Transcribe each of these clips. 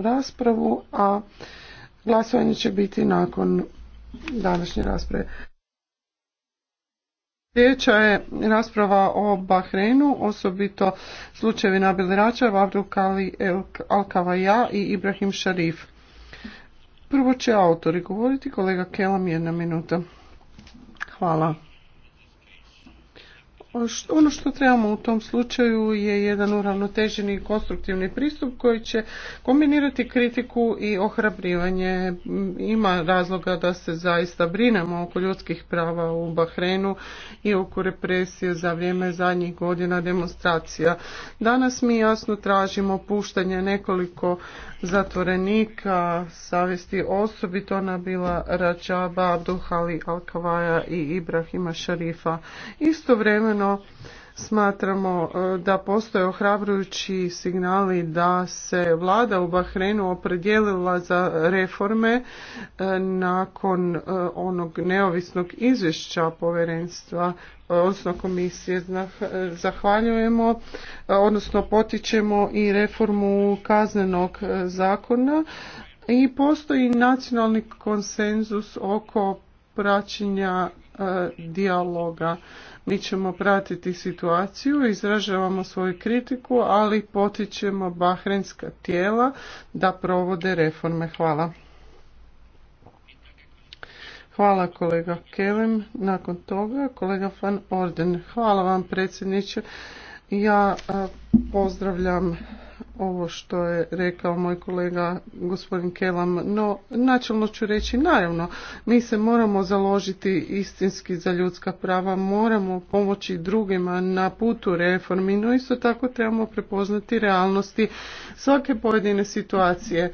raspravu, a glasovanje će biti nakon današnje rasprave. Sljedeća je rasprava o Bahreinu, osobito slučajevi Nabil Rača, Vavru Kali Alkavaja i Ibrahim Šarif. Prvo će autori govoriti, kolega Kelam jedna minuta. Hvala. Ono što trebamo u tom slučaju je jedan uravnoteženi i konstruktivni pristup koji će kombinirati kritiku i ohrabrivanje. Ima razloga da se zaista brinemo oko ljudskih prava u Bahrenu i oko represije za vrijeme zadnjih godina demonstracija. Danas mi jasno tražimo puštanje nekoliko zatvorenika savjesti osobito bila Rađaba, Abduhali Alkavaja i Ibrahima Šarifa. Istovremeno smatramo e, da postoje ohrabrujući signali da se vlada u Bahrenu opredijelila za reforme e, nakon e, onog neovisnog izvješća povjerenstva odnosno komisije zahvaljujemo odnosno potičemo i reformu kaznenog zakona i postoji nacionalni konsenzus oko praćenja E, dijaloga. Mi ćemo pratiti situaciju, izražavamo svoju kritiku, ali potičemo bahrenska tijela da provode reforme. Hvala. Hvala kolega Kelem. Nakon toga kolega Van Orden. Hvala vam predsjedniče. Ja e, pozdravljam ovo što je rekao moj kolega gospodin Kelam, no načelno ću reći naravno, mi se moramo založiti istinski za ljudska prava, moramo pomoći drugima na putu reformi, no isto tako trebamo prepoznati realnosti svake pojedine situacije,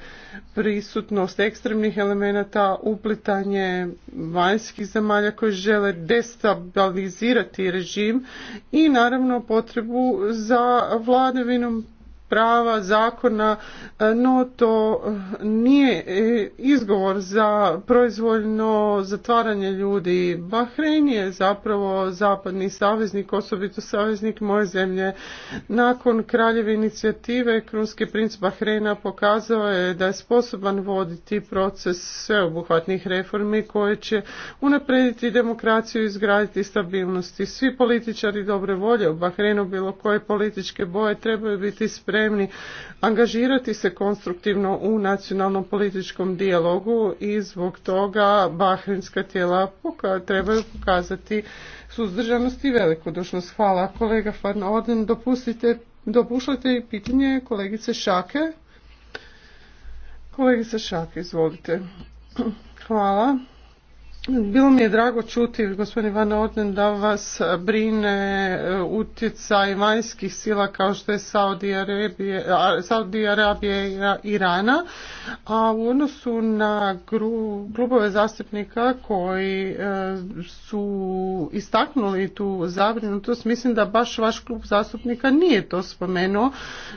prisutnost ekstremnih elemenata, uplitanje vanjskih zemalja koji žele destabilizirati režim i naravno potrebu za vladavinom prava, zakona, e, no to e, nije e, izgovor za proizvoljno zatvaranje ljudi. Bahrein je zapravo zapadni saveznik, osobito saveznik moje zemlje. Nakon kraljeve inicijative, krunski princ Bahreina pokazao je da je sposoban voditi proces sveobuhvatnih reformi koje će unaprediti demokraciju i izgraditi stabilnosti. Svi političari dobre volje u Bahreinu bilo koje političke boje trebaju biti spremni spremni angažirati se konstruktivno u nacionalnom političkom dijalogu i zbog toga bahrinska tijela poka trebaju pokazati suzdržanost i velikodušnost. Hvala kolega Van Orden. Dopustite, dopuštate i pitanje kolegice Šake. Kolegice Šake, izvolite. Hvala. Bilo mi je drago čuti, gospodin Van Orden, da vas brine e, utjecaj vanjskih sila kao što je Saudi Arabije, i Irana, a u odnosu na klubove zastupnika koji e, su istaknuli tu zabrinutost, mislim da baš vaš klub zastupnika nije to spomenuo,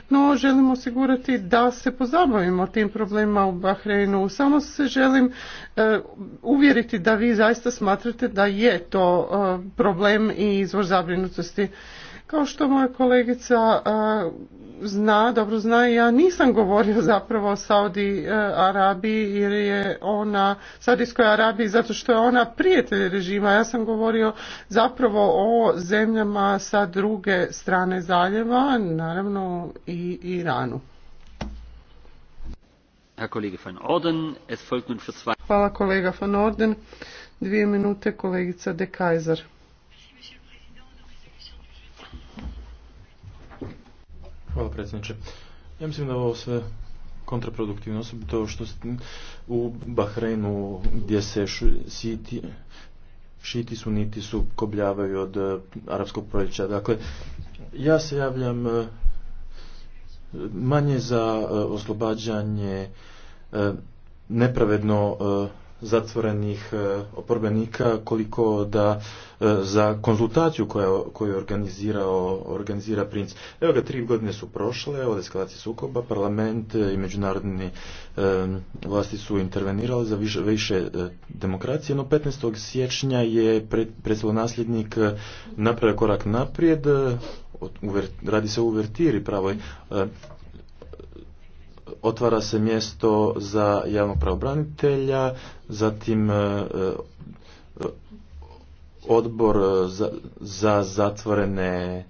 no želim osigurati da se pozabavimo tim problemima u Bahreinu. Samo se želim e, uvjeriti da vi zaista smatrate da je to e, problem i izvor zabrinutosti. Kao što moja kolegica e, zna, dobro zna, ja nisam govorio zapravo o Saudi e, Arabiji jer je ona, Saudijskoj Arabiji zato što je ona prijatelj režima, ja sam govorio zapravo o zemljama sa druge strane zaljeva, naravno i Iranu. Hvala kolega Van Orden. Dvije minute kolegica De Hvala predsjedniče. Ja mislim da ovo sve kontraproduktivno, osobito što u Bahreinu gdje se siti, šiti suniti kobljavaju od e, arapskog proljeća. Dakle, ja se javljam e, manje za e, oslobađanje E, nepravedno e, zatvorenih e, oporbenika koliko da za konzultaciju koju je organizirao, organizira princ. Evo ga, tri godine su prošle od eskalacije sukoba, parlament i međunarodni vlasti su intervenirali za više, demokracije, no 15. siječnja je nasljednik napravio korak naprijed, radi se o uvertiri pravoj otvara se mjesto za javnog pravobranitelja, zatim e, e, odbor e, za, zatvorene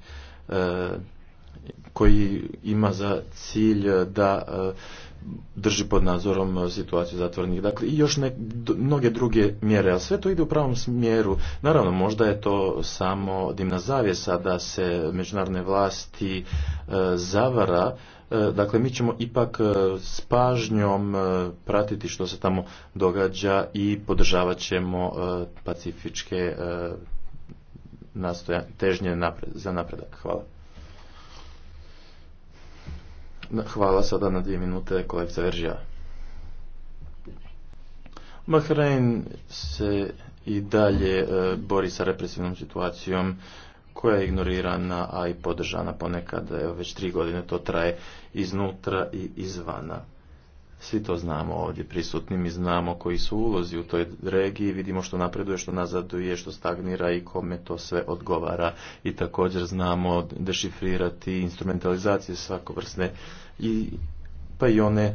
koji ima za cilj da drži pod nadzorom situaciju zatvorenih. Dakle, i još mnoge druge mjere, ali sve to ide u pravom smjeru. Naravno, možda je to samo dimna zavjesa da se međunarodne vlasti zavara E, dakle, mi ćemo ipak e, s pažnjom e, pratiti što se tamo događa i podržavat ćemo pacifičke nastoja, težnje za napredak. Hvala. Hvala sada na dvije minute kolekcija Veržija. Bahrein se i dalje bori sa represivnom situacijom koja je ignorirana, a i podržana ponekad, evo već tri godine to traje iznutra i izvana. Svi to znamo ovdje prisutni, mi znamo koji su ulozi u toj regiji, vidimo što napreduje, što nazaduje, što stagnira i kome to sve odgovara. I također znamo dešifrirati instrumentalizacije svakovrsne i pa i one e,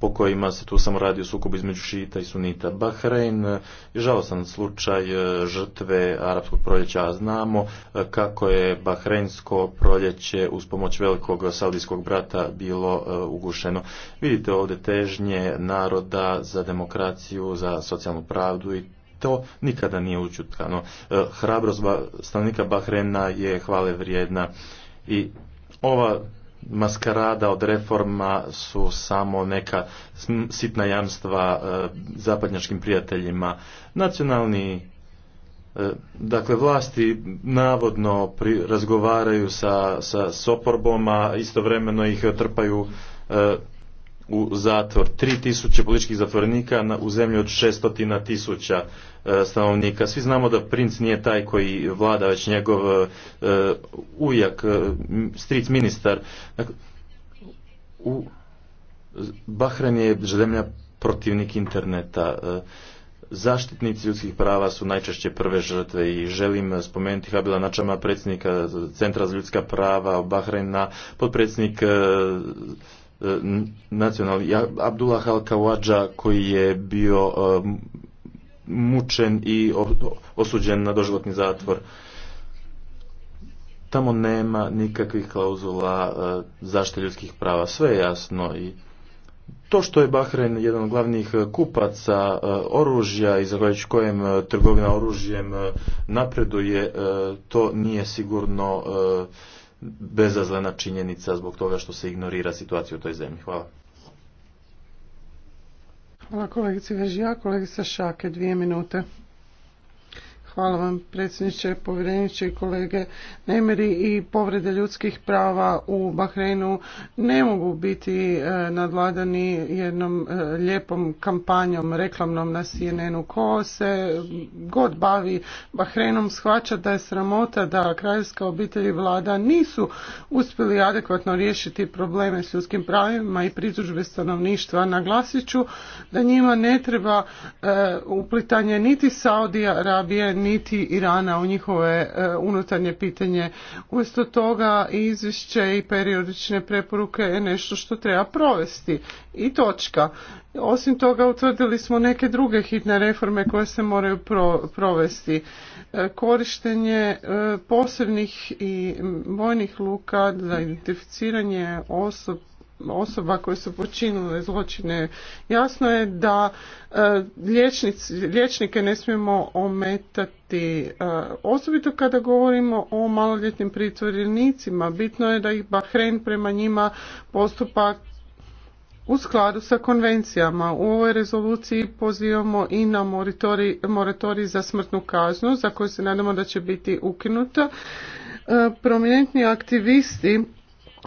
po kojima se tu samo radi o sukobu između šita i sunita. Bahrein e, žalostan slučaj e, žrtve arapskog proljeća, a znamo e, kako je bahreinsko proljeće uz pomoć velikog saudijskog brata bilo ugušeno. Vidite ovdje težnje naroda za demokraciju, za socijalnu pravdu i to nikada nije učutkano. Hrabrost stanovnika Bahreina je hvale vrijedna i ova maskarada od reforma su samo neka sitna jamstva e, zapadnjačkim prijateljima. Nacionalni e, Dakle, vlasti navodno razgovaraju sa, sa soporbom, a istovremeno ih trpaju e, u zatvor. 3000 političkih zatvornika na, u zemlji od 600 tisuća e, stanovnika. Svi znamo da princ nije taj koji vlada, već njegov e, ujak, e, ministar. Dakle, u Bahrein je zemlja protivnik interneta. E, zaštitnici ljudskih prava su najčešće prve žrtve i želim spomenuti Habila Načama, predsjednika Centra za ljudska prava Bahreina, potpredsjednik E, Abdullah Al-Kawadža koji je bio e, mučen i osuđen na doživotni zatvor. Tamo nema nikakvih klauzula e, zaštite ljudskih prava. Sve je jasno i to što je Bahrein jedan od glavnih kupaca oružja i zahvaljujući kojem trgovina oružjem napreduje, to nije sigurno bezazlena činjenica zbog toga što se ignorira situacija u toj zemlji. Hvala. Hvala kolegice Vežija, kolegica Šake, dvije minute. Hvala vam predsjedniče, povjereniče i kolege. Nemiri i povrede ljudskih prava u Bahreinu ne mogu biti e, nadladani jednom e, lijepom kampanjom reklamnom na CNN-u. Ko se god bavi Bahreinom shvaća da je sramota da kraljevska obitelj i vlada nisu uspjeli adekvatno riješiti probleme s ljudskim pravima i pritužbe stanovništva. Naglasit ću da njima ne treba e, uplitanje niti Saudija Arabije, niti Irana u njihove e, unutarnje pitanje. Umjesto toga izvješće i periodične preporuke je nešto što treba provesti i točka. Osim toga utvrdili smo neke druge hitne reforme koje se moraju provesti. E, korištenje e, posebnih i vojnih luka za identificiranje osoba osoba koje su počinile zločine. Jasno je da e, liječnike ne smijemo ometati, e, osobito kada govorimo o maloljetnim pritvorenicima. Bitno je da ih Bahrein prema njima postupa u skladu sa konvencijama. U ovoj rezoluciji pozivamo i na moratorij, za smrtnu kaznu, za koju se nadamo da će biti ukinuta. E, prominentni aktivisti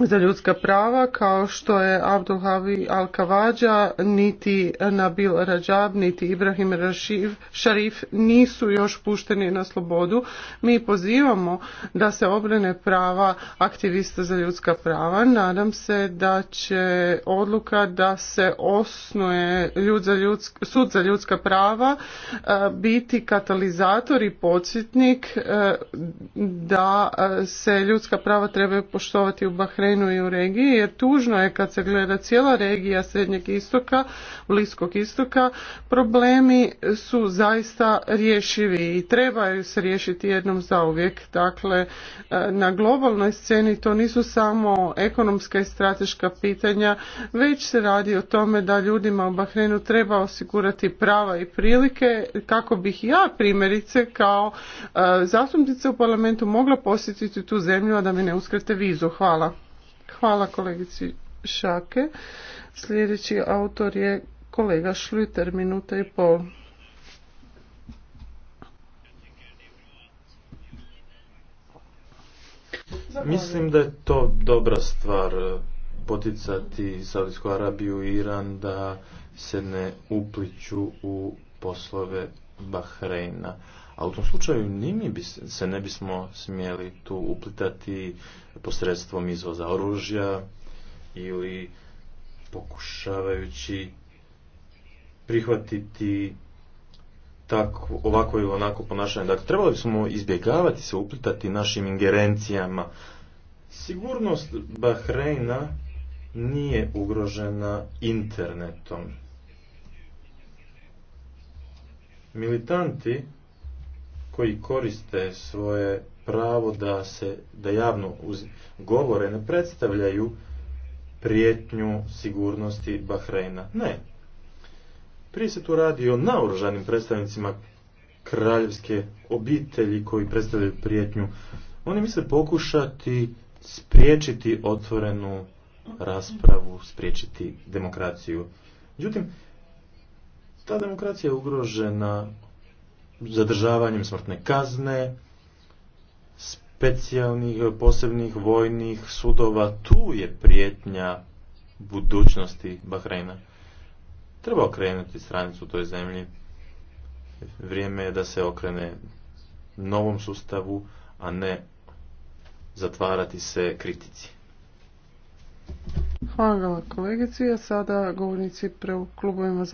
za ljudska prava kao što je Abdulhavi al kavadža niti Nabil Rajab, niti Ibrahim Rašiv, Šarif nisu još pušteni na slobodu. Mi pozivamo da se obrane prava aktivista za ljudska prava. Nadam se da će odluka da se osnuje ljud za sud za ljudska prava e, biti katalizator i podsjetnik e, da e, se ljudska prava trebaju poštovati u Bahreinu i u regiji jer tužno je kad se gleda cijela regija Srednjeg istoka, Bliskog istoka, problemi su zaista rješivi i trebaju se riješiti jednom za uvijek. Dakle, e, na globalnoj sceni to nisu samo ekonomska i strateška pitanja, već se radi o tome da ljudima u Bahrenu treba osigurati prava i prilike kako bih ja primjerice kao e, zastupnica u parlamentu mogla posjetiti tu zemlju, a da mi ne uskrate vizu. Hvala. Hvala kolegici Šake. Sljedeći autor je kolega Šluter, minuta i pol. Mislim da je to dobra stvar eh, poticati Saudijsku Arabiju i Iran da se ne upliču u poslove Bahreina. A u tom slučaju ni mi se ne bismo smjeli tu uplitati posredstvom izvoza oružja ili pokušavajući prihvatiti tako, ovako ili onako ponašanje. Dakle, trebali bismo izbjegavati se uplitati našim ingerencijama. Sigurnost Bahreina nije ugrožena internetom. Militanti koji koriste svoje pravo da se da javno uz govore ne predstavljaju prijetnju sigurnosti Bahreina. Ne. Prije se tu radi o naoružanim predstavnicima kraljevske obitelji koji predstavljaju prijetnju. Oni misle pokušati spriječiti otvorenu raspravu, spriječiti demokraciju. Međutim, ta demokracija je ugrožena zadržavanjem smrtne kazne, specijalnih posebnih vojnih sudova, tu je prijetnja budućnosti Bahreina. Treba okrenuti stranicu toj zemlji. Vrijeme je da se okrene novom sustavu, a ne zatvarati se kritici. Hvala kolegici, a sada govornici pre klubovima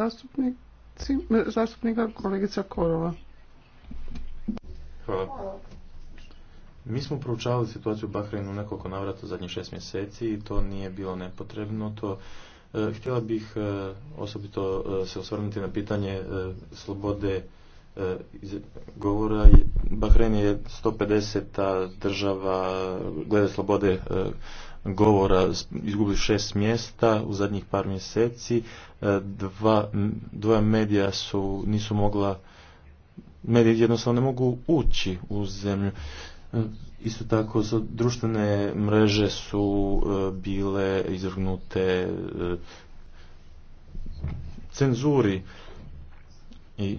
zastupnika kolegica Korova. Hvala. Mi smo proučavali situaciju u Bahreinu nekoliko navrata u zadnjih šest mjeseci i to nije bilo nepotrebno. To, e, htjela bih e, osobito e, se osvrnuti na pitanje e, slobode govora. Bahrein je 150. država glede slobode govora izgubili šest mjesta u zadnjih par mjeseci. Dva, dva medija su, nisu mogla mediji jednostavno ne mogu ući u zemlju. Isto tako, društvene mreže su e, bile izvrgnute e, cenzuri i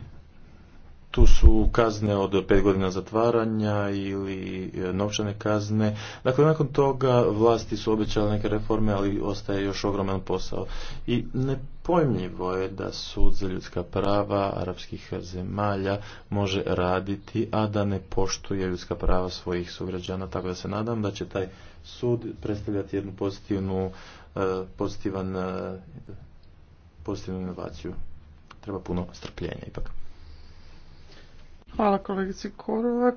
tu su kazne od pet godina zatvaranja ili e, novčane kazne. Dakle, nakon toga vlasti su obećale neke reforme, ali ostaje još ogroman posao. I nepojmljivo je da sud za ljudska prava arapskih zemalja može raditi, a da ne poštuje ljudska prava svojih sugrađana. Tako da se nadam da će taj sud predstavljati jednu pozitivnu, e, pozitivan, e, pozitivnu inovaciju. Treba puno strpljenja ipak. Hvala kolegici Korova.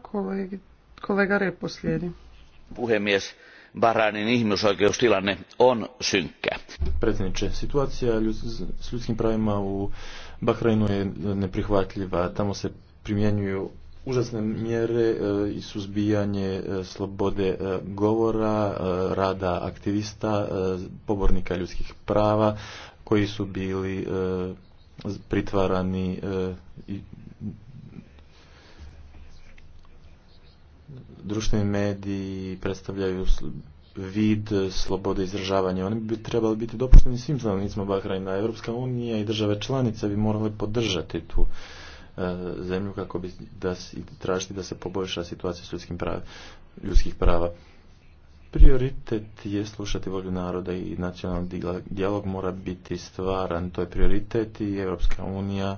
kolega Repo slijedi. Puhemies, Bahrainin ihmisoikeustilanne on synkkä. Predsjedniče, situacija s ljudskim pravima u Bahrainu je neprihvatljiva. Tamo se primjenjuju užasne mjere e, i suzbijanje e, slobode e, govora, rada aktivista, pobornika ljudskih prava koji su bili pritvarani i društveni mediji predstavljaju vid slobode izražavanja. Oni bi trebali biti dopušteni svim stanovnicima Bahrajna. Europska unija i države članice bi morale podržati tu e, zemlju kako bi da, tražiti da se poboljša situacija s ljudskim ljudskih prava. Prioritet je slušati volju naroda i nacionalni dijalog mora biti stvaran. To je prioritet i Europska unija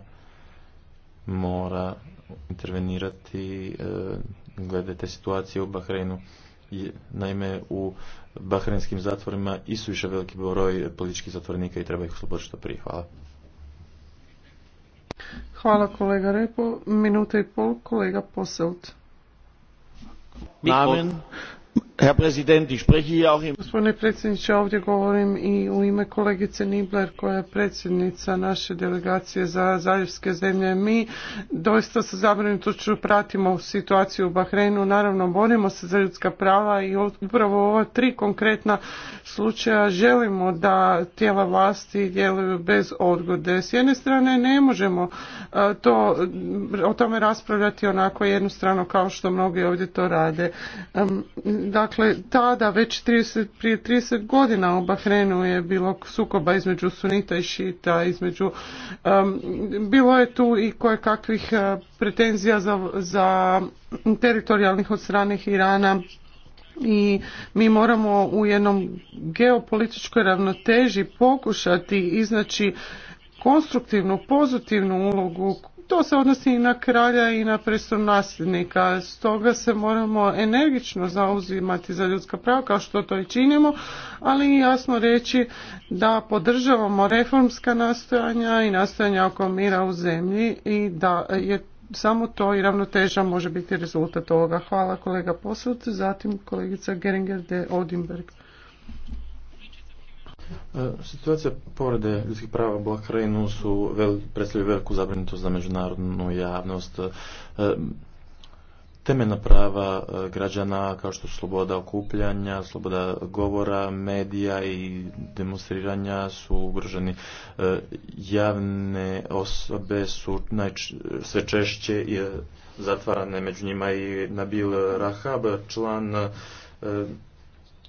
mora intervenirati e, glede te situacije u Bahreinu. Naime, u bahreinskim zatvorima isu više veliki broj političkih zatvornika i treba ih osloboditi što prije. Hvala. kolega Repo. Minuta i pol kolega Poselt. Namen. Gospodine predsjedniče, ovdje govorim i u ime kolegice Nibler koja je predsjednica naše delegacije za zaljevske zemlje. Mi doista sa zabrinutošću pratimo situaciju u Bahreinu, naravno borimo se za ljudska prava i upravo ova tri konkretna slučaja želimo da tijela vlasti djeluju bez odgode. S jedne strane ne možemo e, to, o tome raspravljati onako jednostrano kao što mnogi ovdje to rade. Dakle, Dakle, tada već 30, prije 30 godina u Bahrenu je bilo sukoba između sunita i šita, između, bilo je tu i koje kakvih eh, pretenzija za, za teritorijalnih od strane Irana i mi moramo u jednom geopolitičkoj ravnoteži pokušati iznaći konstruktivnu, pozitivnu ulogu to se odnosi i na kralja i na nasljednika. Stoga se moramo energično zauzimati za ljudska prava kao što to i činimo, ali i jasno reći da podržavamo reformska nastojanja i nastojanja oko mira u zemlji i da je samo to i ravnoteža može biti rezultat ovoga. Hvala kolega Posud, zatim kolegica Geringer de Odinberg. E, situacija povrede ljudskih prava u Bahreinu su vel, predstavljaju veliku zabrinutost za međunarodnu javnost. E, temeljna prava e, građana kao što su sloboda okupljanja, sloboda govora, medija i demonstriranja su ugroženi. Javne osobe su sve češće zatvarane, među njima i Nabil Rahab, član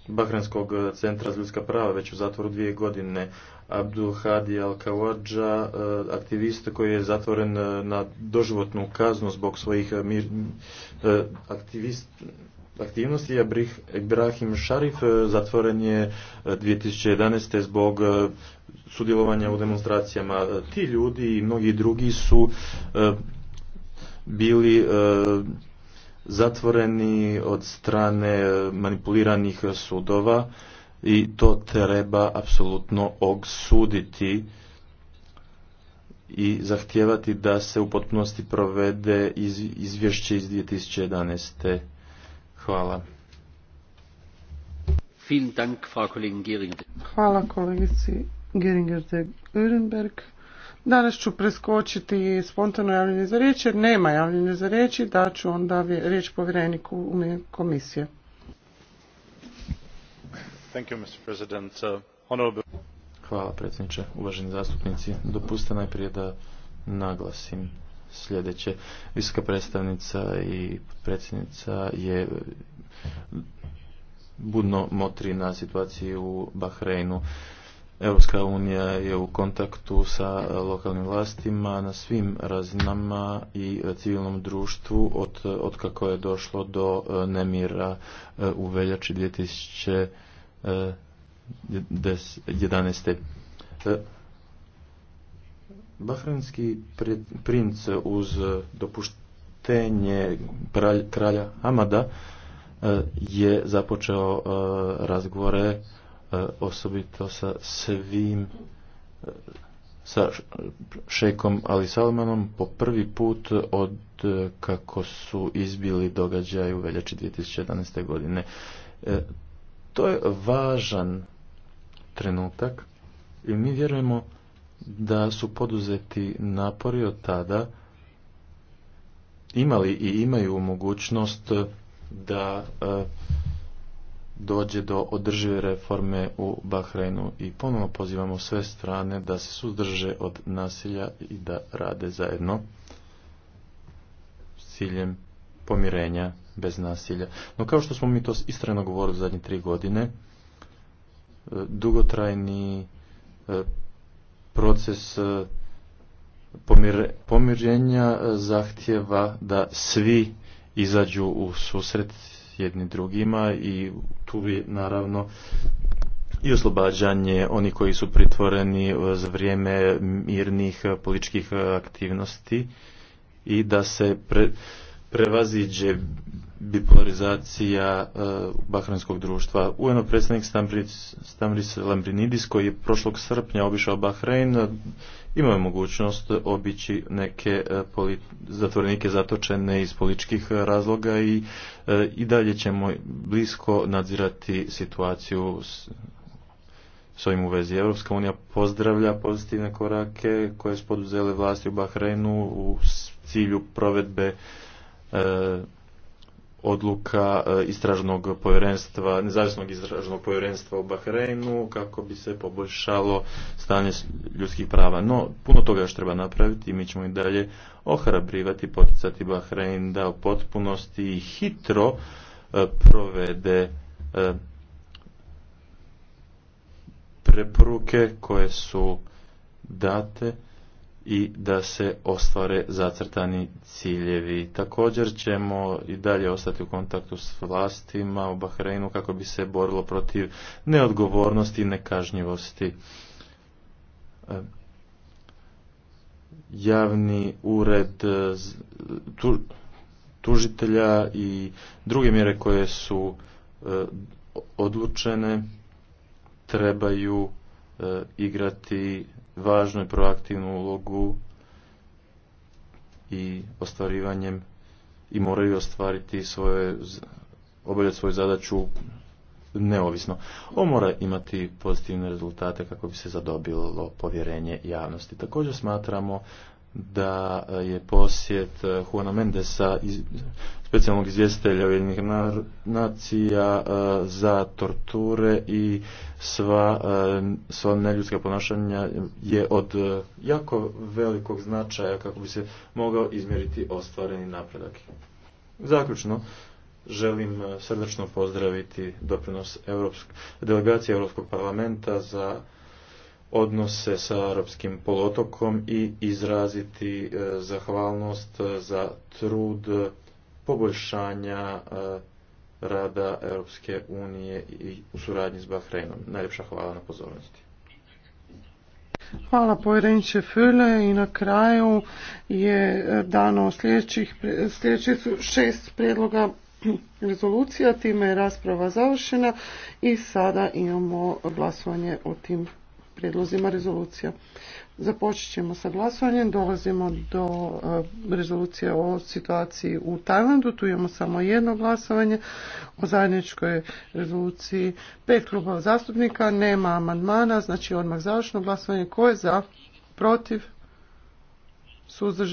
Bahranskog e, centra za ljudska prava već u zatvoru dvije godine. Abdul Hadi Al-Kawadža, e, aktivist koji je zatvoren e, na doživotnu kaznu zbog svojih mir, aktivist, aktivnosti. Ibrahim Šarif zatvoren je 2011. zbog sudjelovanja u demonstracijama. Ti ljudi i mnogi drugi su bili zatvoreni od strane manipuliranih sudova i to treba apsolutno osuditi i zahtijevati da se u potpunosti provede izvješće iz 2011. Hvala. Hvala kolegici Geringer de Danas ću preskočiti spontano javljanje za riječ jer nema javljanja za riječ i daću onda riječ povjereniku komisije. Thank uh, Hvala predsjedniče, uvaženi zastupnici. Dopuste najprije da naglasim sljedeće. Visoka predstavnica i predsjednica je budno motri na situaciji u Bahreinu. Europska unija je u kontaktu sa e, lokalnim vlastima na svim razinama i e, civilnom društvu od, od kako je došlo do e, nemira u veljači 2011. Bahranski princ uz dopuštenje kralja Hamada je započeo razgovore E, osobito sa svim e, sa Šekom Ali Salmanom po prvi put od e, kako su izbili događaj u veljači 2011. godine. To je važan trenutak i mi vjerujemo da su poduzeti napori od tada imali i imaju mogućnost da dođe do održive reforme u Bahreinu i ponovno pozivamo sve strane da se suzdrže od nasilja i da rade zajedno s ciljem pomirenja bez nasilja. No kao što smo mi to istrajno govorili zadnje tri godine, e, dugotrajni e, proces e, pomirenja zahtjeva da svi izađu u susret jedni drugima i tu bi naravno i oslobađanje oni koji su pritvoreni za vrijeme mirnih političkih aktivnosti i da se pre, prevaziđe bipolarizacija e, bahranskog društva. Ujedno predsjednik Stamris, Lambrinidis koji je prošlog srpnja obišao Bahrein imao je mogućnost obići neke e, zatvorenike zatočene iz političkih razloga i, e, i dalje ćemo blisko nadzirati situaciju s, s ovim u vezi. Europska unija pozdravlja pozitivne korake koje su poduzele vlasti u Bahreinu u cilju provedbe odluka e, istražnog povjerenstva, nezavisnog istražnog povjerenstva u Bahreinu kako bi se poboljšalo stanje ljudskih prava. No, puno toga još treba napraviti i mi ćemo i dalje ohrabrivati, poticati Bahrein da u potpunosti i hitro e, provede e, preporuke koje su date i da se ostvare zacrtani ciljevi. Također ćemo i dalje ostati u kontaktu s vlastima u Bahreinu kako bi se borilo protiv neodgovornosti i nekažnjivosti. E, javni ured e, tužitelja i druge mjere koje su e, odlučene trebaju igrati važnu i proaktivnu ulogu i ostvarivanjem i moraju ostvariti svoje, obavljati svoju zadaću neovisno. On mora imati pozitivne rezultate kako bi se zadobilo povjerenje javnosti. Također smatramo da eh, je posjet eh, Juana Mendesa, specijalnog izvjestitelja Ujedinjenih nacija eh, za torture i sva, sva neljudska ponašanja je od jako velikog značaja kako bi se mogao izmjeriti ostvareni napredak. Zaključno, želim srdačno pozdraviti doprinos delegacije Europskog parlamenta za odnose sa Europskim polotokom i izraziti e, zahvalnost e, za trud poboljšanja e, rada Europske unije i u suradnji s Bahreinom. Najljepša hvala na pozornosti. Hvala povjerenče Füle i na kraju je dano sljedećih, sljedeći šest prijedloga rezolucija, time je rasprava završena i sada imamo glasovanje o tim prijedlozima rezolucija. Započet ćemo sa glasovanjem. Dolazimo do e, rezolucije o situaciji u Tajlandu. Tu imamo samo jedno glasovanje o zajedničkoj rezoluciji pet klubova zastupnika. Nema amandmana, znači odmah završno glasovanje. Ko je za? Protiv? Suzdržan?